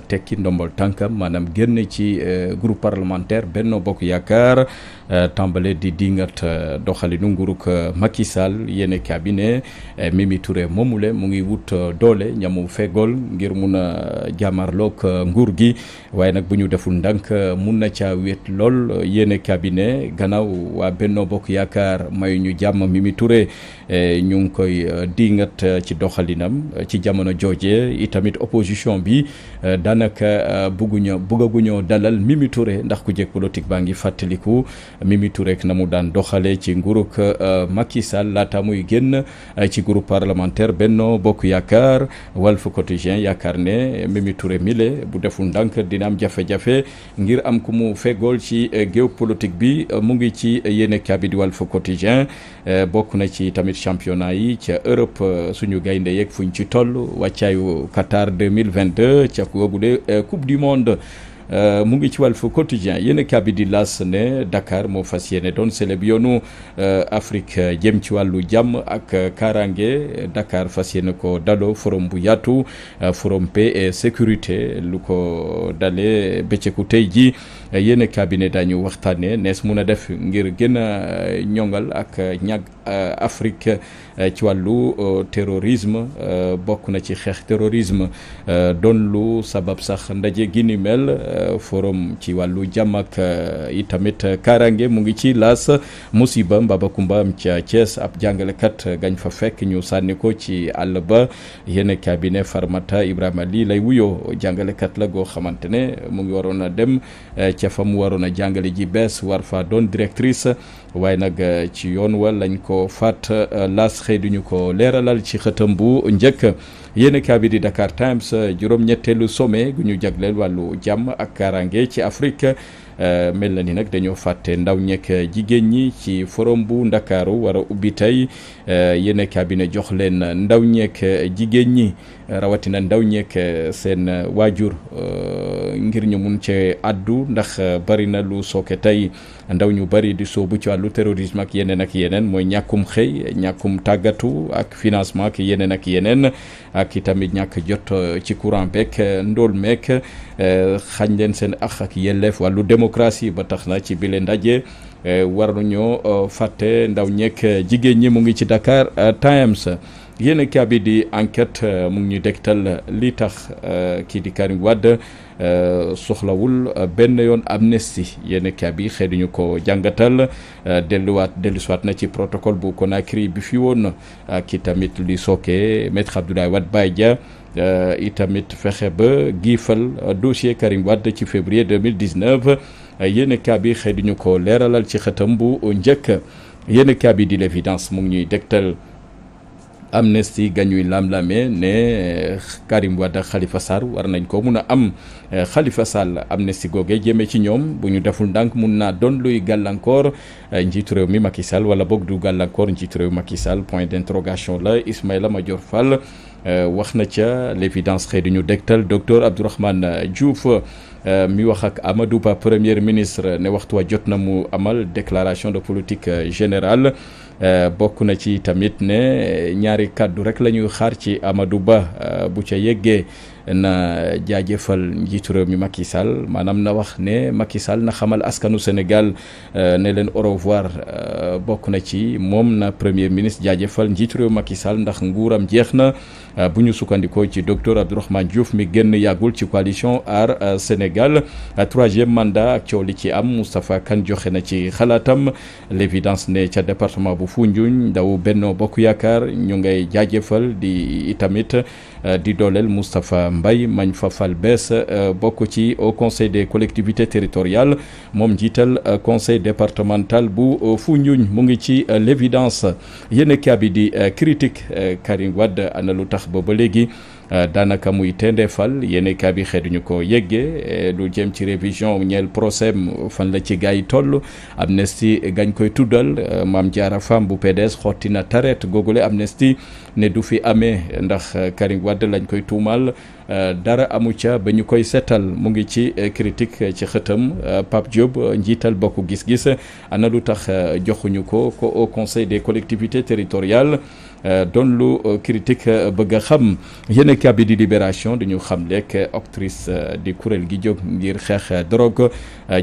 tekki ndombal tànkam maanaam génn ci euh, groupe parlementaire Benno Bokk Yaakaar euh, tàmbalee di dingat euh, doxalinu nguruk Macky Sall yéen cabinet Mimi Touré moomule mu ngi wut doole ñamu fegool ngir mun a jaamarloog nguur gi waaye nag bu ñu deful ndànk mun na caa wet lool yéen cabinet gannaaw waa Benno Bokk Yaakaar may ñu jàmm Mimi Touré ñu ngi koy dingat ci doxalinam ci jamono jooje itamit opposition bi. daanaka euh, bugguñoo buggaguñoo dalal Mimi Touré ndax ku jég politique baa ngi fàttaliku Mimi Touré na mu daan doxalee ci nguurug euh, Macky Sall laata muy génn euh, ci groupe parlementaire Benno Bokk Yaakaar Walf Quotidien yaakaar ne Mimi Touré mile bu deful ndànk dina am jafe-jafe ngir am ku mu fegool ci géopolitique bi mu ngi ci yéene kabi di Walf Quotidien bokk na ci tamit championnat yi ca Europe suñu gaynde yeeg fuñ ci toll wàccaayu Qatar 2022 boobule euh, coupe du monde euh, mu ngi ci wàll Walf Quotidien yéen a kàbbi di las ne Dakar moo fas yéene doon célèbre yoonu euh, Afrique jëm ci wàllu jàmm ak karaange Dakar fas yéene ko daloo forum bu yaatu forum paix et sécurité lu ko dalee bëccëgu tey ji yéen cabinet dañu waxtaanee nees mun a def ngir gën a euh, ñongal ak ñag euh, Afrique euh, ci wàllu terrorisme bokk na ci xeex terrorisme doon lu sabab sax ndaje gi ni mel forum ci wàllu jàmm ak itamit kaaraange mu ngi ci laas musiba Mbabakumba am ca Thiès ab jàngalekat gañ fa fekk ñu sànni ko ci àll ba yéen cabinet Farmata Ibrahima lii lay wuyoo jàngalekat la goo xamante ne mu ngi waroon a dem ca fa mu waroon a jàngale ji bees war fa doon directrice waaye nag euh, ci yoon wa lañ ko faat euh, las xëy duñu ko leeralal ci xëtam bu njëkk yéen kaa di Dakar Times euh, juróom-ñetteelu sommet gu ñu jagleel wàllu jàmm ak kaaraange ci Afrique Euh, mel na ni nag dañoo fàtte ndaw ñekk jigéen ñi ci forom bu ndakaaru wara ubbi tey euh, yéen cabinet bi jox leen ndaw ñekk jigéen ñi rawatina ndaw ñekk seen waajur euh, ngir ñu mun cee addu ndax bari na lu sooke tey ndaw ñu bari di soobu ci wàllu terrorisme ak yeneen ak yeneen mooy ñàkkum xëy ñàkkum tàggatu ak financement ak yeneen ak yeneen. ak itamit ñàkk jot euh, ci courant beek euh, ndool meek euh, xañ leen seen ax ak yelleef wàllu démocratie ba tax na ci bile ndaje waruñoo fàtte ndaw ñeek jigéen ñi mu ngi ci Dakar Times yéen a kii bi di enquête mu ngi ñu dégtal li tax kii di Karim wadd Euh, soxlawul euh, benn yoon amnistie yenn kaa bi xëy ñu ko jàngatal euh, delluwaat dellusiwaat na ci protocole bu Conakry bi fi woon ak tamit li sookee maître Abdoulaye Wade Baye Dia itamit fexe ba giifal dossier Karim Wade ci février 2019 yéen kaa bi xëy ñu ko leeralal ci xëtam bu njëkk yenn kaa yi di l'évidence mu ngi ñuy dégtal. Amnesty gañuy lam-lamee ne eh, Karim Wade xalifa Sall war nañ ko mun a am eh, Khalifa Sall Amnesty googe jëmee ci ñoom bu ñu deful ndànk mun naa doon luy gàllankoor eh, njiitu réew mi Macky Sall wala boog du gàllankoor njiitu réew Macky Sall point d'interrogation la Ismaïla Madior Fall wax na ca l'évidence xëy di ñu dégtal docteur Abdourahmane Diouf mi wax ak Amadou Ba premier ministre ne waxtu wa jot na mu amal déclaration de politique général Eh, bokk na ci tamit ne eh, ñaari kàddu rek la ñuy xaar ci amadu Ba eh, bu ca yeggee. na jaajëfal njiitu réew mi Macky Sall maanaam na wax ne Macky Sall na xamal askanu Sénégal euh, ne leen au revoir euh, bokk na ci moom na premier ministre jaajëfal njiitu réew Macky Sall ndax nguuram jeex na euh, bu ñu sukkandikoo ci docteur Abdourahmane Diouf mi génn yàggul ci coalition Aar Sénégal troisième mandat ak coow li ci am Moustapha Kane joxe na ci xalaatam l'évidence ne ca département bu Foundiougne ndaw Benno Bokk Yaakaar ñu ngay jaajëfal di itamit di dooleel Moustapha Mbaye mañ fa fal bees euh, bokk ci au conseil des collectivités territoriales moom njiital euh, conseil départemental bu fu euh, Foundiougne mu ngi ci l'évidence yéen a kaabi di critique Karim Wade ana lu tax ba ba léegi. Euh, daanaka muy tendeefal yéen kaa bi xeetu ñu ko yëggee euh, lu jëm ci révision ñeel procès fan la ci gars yi toll amnesty gañ koy tuddal euh, maam jaara Fam bu PDS xotti na taret googule amnesty ne du fi amee ndax Karim wadd lañ koy tuumal dara amu ca ba ñu koy seetal mu ngi ci critique ci xëtam Pape Diop njiital bokk gis-gis ana lu tax joxuñu ko ko au conseil des collectivités territoriales. Euh, doon lu euh, critique euh, bëgg a xam yéen a bi di libération dañu xam lekk actrice di kuréel gi jóg ngir xeex drogue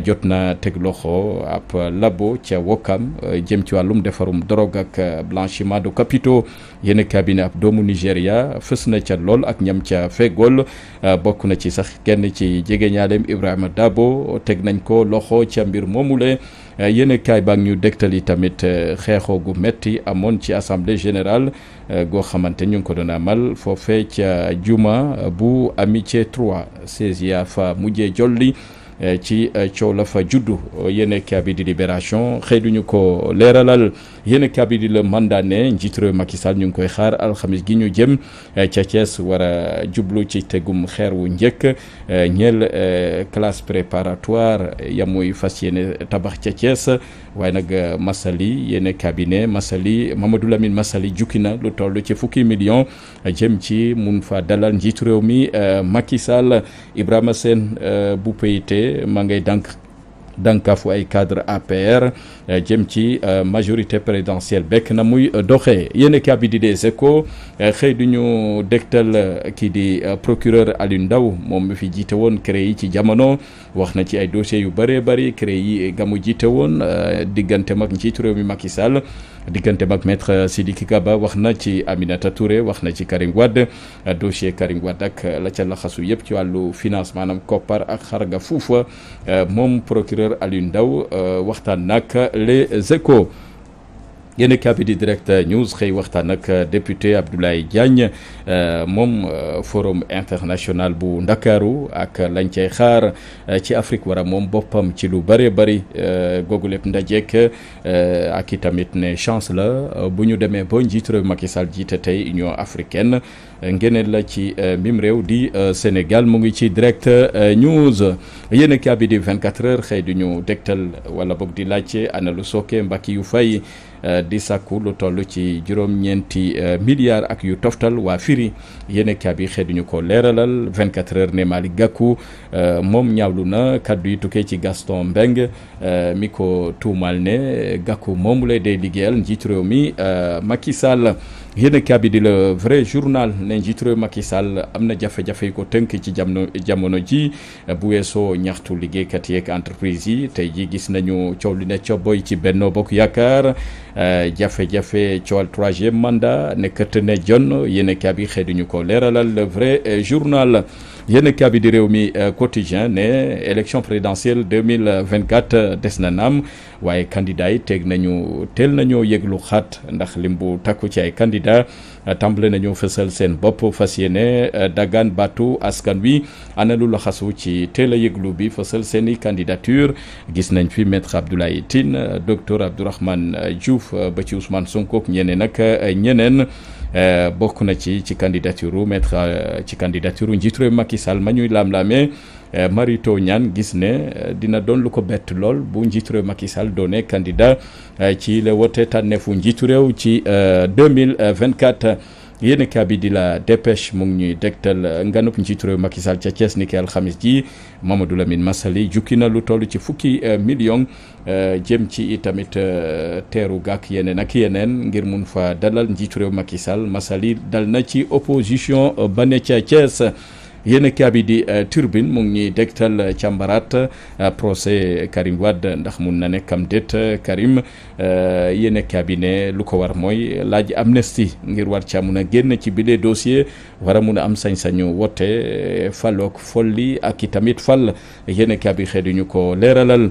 jot na teg loxo ab labo ca Wokam jëm ci wàllum defarum drogue ak blanchiment de capitaux yéen a bi ne ab doomu Nigéria fës na ca lool ak ñam ca fegool bokk na ci sax kenn ci jege ñaaleem Ibrahima Dabo teg nañ ko loxo ca mbir moomule Euh, yéen kaay baag ñu dégtal yi tamit euh, xeexoo gu métti amoon ci assemblée générale euh, goo xamante ñu ngi ko doon amal foofee ca juma bu amitié 3 16 yaa fa mujjee jolli ci coow la fa juddu yéen kaay bi di libération xëy ko leeralal. yéen kabi di la mandat ne njiit réew Macky ñu ngi koy xaar alxamis gi ñu jëm eh, ca Thiès war a jublu ci tegum xeer wu njëkk eh, ñeel eh, classe préparatoire yamuy fas yéene tabax ca Thiès waaye nag Massaly yéen cabinet Massaly Mamadou Lamine Massaly jukki na lu toll ci fukki million jëm ci mun fa dalal njiitu réew mi Macky Sall Ibrahima Sène bu PIT maa ngay dànk dankafu ay cadre APR eh, jëm ci eh, majorité présidentielle bekk na muy eh, doxe yéen a bi di des échos xëy du ñu dégtal kii di procureur Alioune Ndao moom mi fi jiite woon CREI yi ci jamono wax na ci ay dossiers yu bëree bëri CREI yi gamu jiite woon diggante mag njiitu réew mi yi Sall diggante mag maître Sidiki Kaba wax na ci Aminata Touré wax na ci Karim Wade dossier Karim Wade ak la ca laxasu yëpp ci wàllu finance maanaam koppar ak xarga fuufa moom procureur Aliou Ndao euh, waxtaan nag les échos yéen a di direct news xëy waxtaan ak euh, député Abdoulaye Diagne euh, moom euh, forum international bu Ndakaaru ak lañ cay xaar ci Afrique wara moom boppam ci lu bëree bëri googu lépp ndajeek ak i tamit ne chance la bu ñu demee ba njiit réew Macky Sall jiite tey Union africaine. ngeneen la ci euh, mim réew di euh, Sénégal mu ngi ci direct euh, news yéen a kii bi di 24 heures xëy di ñu degtal wala boog di laajte ana lu sooke mbàkki yu fay di sàkku lu toll ci juróom-ñeenti milliards ak yu toftal waa firi yéen a kii bi ñu ko leeralal 24 heures ne Malick Gakou moom ñaawlu na kàddu yi tukkee ci Gaston Mbengue mi ko tuumaal ne gàkku moom lay day liggéeyal njiitu réew mi Macky Sall. yéen a kaabi di la vrai journal ne njiitu réew Sall am na jafe-jafe yu ko tënk ci jamono jamono ji bu weesoo ñaxtu liggéeykat yeeg entreprise yi tey ji gis nañu coow li ne ca boy ci Benno Bokk Yaakaar euh, jafe-jafe coowal troisième mandat ne këtt ne jon yéen a kaabi xëy duñu ko leeralal le vrai journal yéen kaabi di réew mi euh, quotidien ne élection présidentielle 2024 euh, des na naam waaye candidat yi teg nañu teel nañoo yëglu xaat ndax lim bu takku ci ay candidat euh, tàmbale nañoo fësal seen bopp fas yéene dagaan baatu askan wi ana lu ci teel a yëglu bi fësal seen i candidature gis nañ fi maître Abdoulaye Tine docteur Abdourahmane Diouf ba ci Ousmane Sonko ak ñeneen ak ñeneen Euh, bokk na ci ci candidature maître euh, ci candidature njiitu réew Macky Sall ma ñuy laam-laamee euh, Mary Teuw Niane gis ne dina doon lu ko bett lool bu njiitu réew Macky doone candidat ci le wote tànneefu njiitu réew ci 2024 yéen kaa di la dépêche mu ngi ñuy dégtal euh, nganub njiitu réew Macky Sall ca Thiès ni ki alxamis ji Mamadou Lamine Massaly jukki na lu toll ci fukki euh, million euh, jëm ci itamit teeru gàkk yeneen ak yeneen ngir mun fa dalal njiitu réew Macky Sall Massaly dal na ci opposition ba ne ca Thiès yéen a kaabi di euh, turbine mu ngi ñuy dégtal euh, càmbaraat euh, procès Karim Wade ndax mun na ne kam déet Karim yéen a kaabi ne lu ko war mooy laaj amnistie ngir war caa mun a génn ci bile dossier war a mun a am sañ-sañu wote falook folli ak i tamit fal yéen a kaabi xeetu ñu ko leeralal.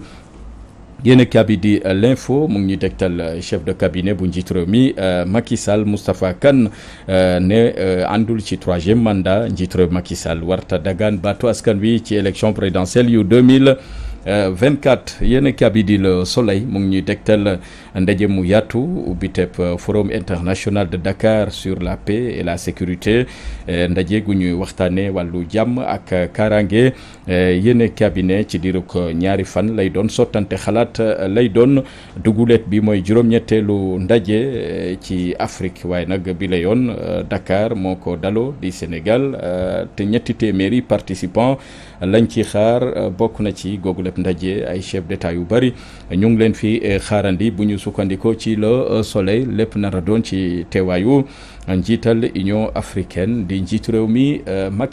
yéen kabi di euh, l'info mu ngi ñuy tegtal euh, chef de cabinet bu njiit réew mi euh, Macky Sall kan Kane ne àndul ci troisième mandat njiit réew Sall warta dagan baatu askan wi ci élection présidentielle yu 2024 yéen kabi di le soleil mu ngi ñuy tegtal. ndaje mu yaatu ubbiteb euh, forum international de Dakar sur la paix et la sécurité euh, ndaje gu ñuy waxtaanee wàllu jàmm ak kaaraange euh, yéene cabinet ci diirug ñaari fan lay doon sottante xalaat lay doon duguleet bi mooy juróom-ñetteelu ndaje ci Afrique waaye nag bi la yoon Dakar moo ko dalo di Sénégal te ñetti téeméeri participants lañ ci xaar bokk na ci googu lépp ndaje ay chef d'état yu bari ñu ngi leen fi xaarandi bu ñu sukkandikoo ci loo soleil lépp nar a doon ci teewaayu njiital Union africaine di njiitu réew mi euh, Macky